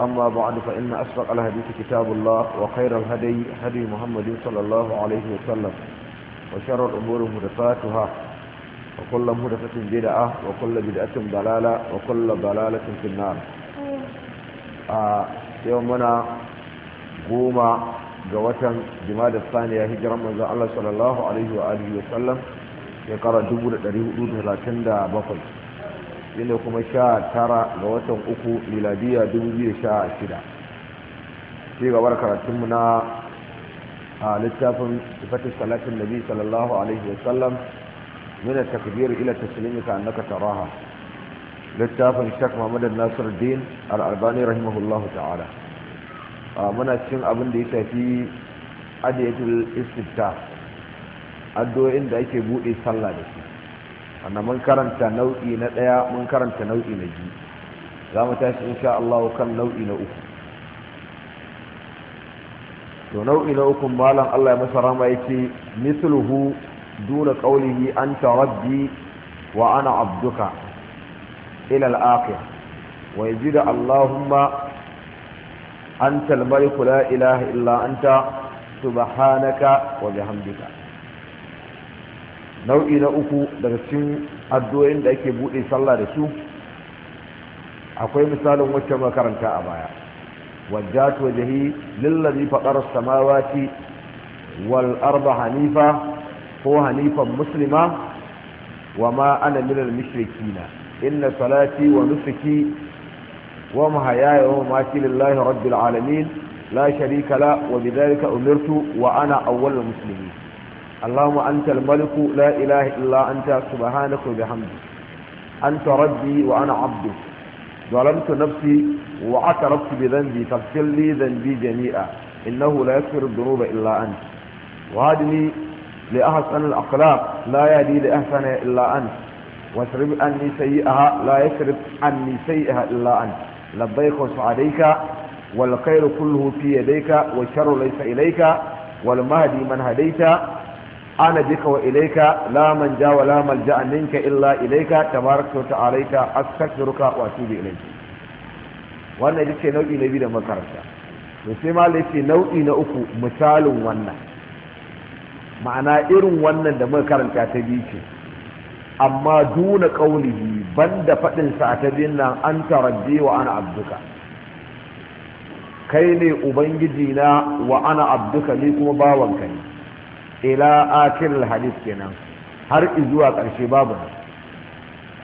أما بعد فإن أسبق الهديث كتاب الله وخير الهدي هدي محمد صلى الله عليه وسلم وشر الأمور مهدفاتها وكل مهدفة بدعة وكل بدعة ضلالة وكل ضلالة في النار آه يومنا قوم جوة جماد الثانية هجرة من الله صلى الله عليه وآله وسلم يقرأ دبر الأريو أدوه لكن دا بطل shine kuma sha tara ga watan uku miladiya 2016 ci gabar karatunmu na a littafin sifatis talatin nabi sallallahu alaihi wasallam nuna takbir ila taslimi ka annaka taraha littafin shak muhammad Nasiru din al-albani rahimahullahu ta'ala a muna cin abin da ya tafi adiyatul istifta addu'o'in da ake buɗe sallah da shi wanda mun karanta nau'i na ɗaya mun karanta nau'i na biyu za mu tashi insha Allah kan nau'i na uku to nau'i na uku malam Allah ya masa rama yace mithluhu duna qawlihi anta rabbi wa ana abduka ila al-akhir wa yazid Allahumma anta al-malik la ilaha illa anta subhanaka wa bihamdika nau'i na uku daga cikin addu'o'in da ake buɗe sallah da su akwai misalin wacce makaranta a baya wajjat wajhi lillazi faqara samawati wal arda hanifa ko hanifan muslima wa ma ana min al-mushrikeen inna salati wa nusuki wa mahayaya wa mamati lillahi rabbil alamin la sharika la wa bidhalika umirtu wa ana awwalul muslimin اللهم أنت الملك لا إله إلا أنت سبحانك وبحمدك أنت ربي وأنا عبدك ظلمت نفسي واعترفت بذنبي فاغفر لي ذنبي جميعا إنه لا يغفر الذنوب إلا أنت وهدني لأحسن الأخلاق لا يهدي لأحسن إلا أنت واشرب أني سيئها لا يشرب أني سيئها إلا أنت لبيك وسعديك والخير كله في يديك والشر ليس إليك والمهدي من هديت ana bika wa ilaika la ja wa la ja minka illa ilaika tabaraka wa ta'alaita astaghfiruka wa atubu ilaika. wannan yake nau'i na biyu da makaranta to sai ma yace nau'i na uku misalin wannan ma'ana irin wannan da makaranta ta biyu ce amma duna qaulihi banda fadin sa ta biyun nan an tarabbi wa ana abduka kai ne ubangiji na wa ana abduka ni kuma bawanka ne ila akiril hadis kenan har zuwa ƙarshe babu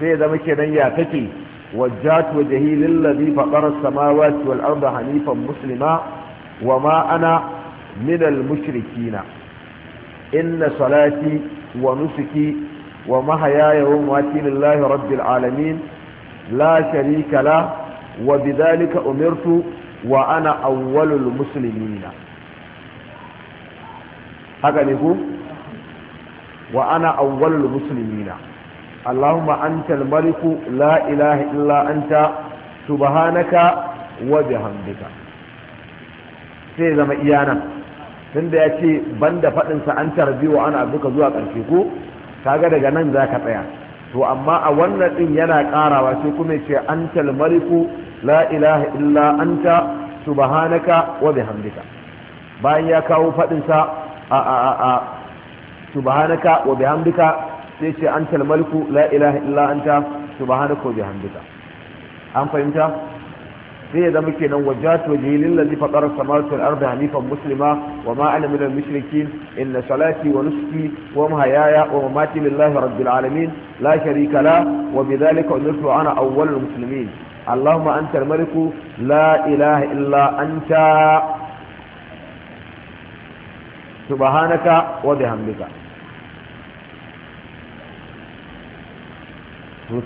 sai zama kenan ya take wajjat wajhi lillazi fatara samawati wal arda hanifan muslima wa ma ana minal al mushrikina inna salati wa nusuki wa mahayaya wa mamati lillahi rabbil alamin la sharika la wa bidhalika umirtu wa ana awwalul muslimina haka ne ku wa ana awwalul muslimina allahumma antal maliku la ilaha illa anta subhanaka wa bihamdika sai zama iyana tunda ya ce banda faɗin sa an ana duka zuwa ƙarshe ko kaga daga nan za ka tsaya to amma a wannan din yana ƙarawa sai kuma ce antal maliku la ilaha illa anta subhanaka wa bihamdika bayan ya kawo faɗin sa a a a a subhanaka wa bihamdika sai ce an malku la ilaha illa anta subhanaka wa bihamdika an fahimta sai ya zama kenan wajjat wajhi lillazi fatara samawati wal arda hanifan musulma. wa ma ana minal mushrikin inna salati wa nuski. wa mahayaya wa mamati lillahi rabbil alamin la sharika la wa bidhalika umirtu ana awwalul muslimin اللهم أنت الملك لا إله إلا أنت subhanaka wa bihamdika to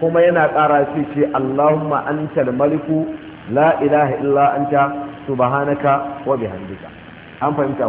kuma yana ƙara sai ce Allahumma antal maliku la ilaha illa anta subhanaka wa bihamdika an fahimta